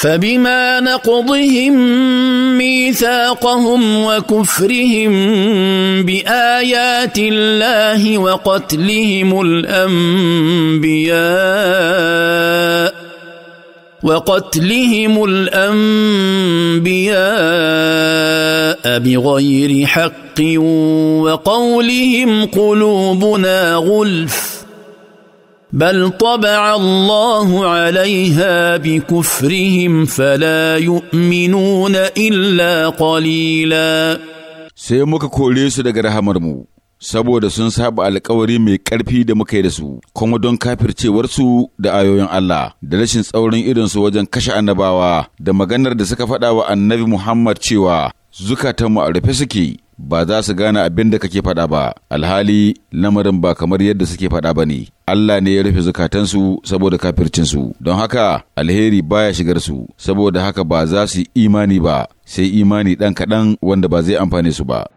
فبما نقضهم ميثاقهم وكفرهم بايات الله وقتلهم الانبياء وقتلهم الانبياء بغير حق وقولهم قلوبنا غلف بل طبع الله عليها بكفرهم فلا يؤمنون إلا قليلا sai muka kore su daga rahamarmu saboda sun saba alkawari mai ƙarfi da muka yi da su kuma don kafircewarsu da ayoyin Allah da rashin tsaurin irinsu wajen kashe annabawa da maganar da suka faɗa wa annabi Muhammad cewa zukatanmu a rufe suke ba za su gane abin da kake faɗa ba alhali lamarin ba kamar yadda suke faɗa ba ne Allah ne ya rufe zukatansu saboda kafircinsu don haka alheri baya shigar su saboda haka ba za su imani ba sai imani ɗan kaɗan wanda ba zai amfane su ba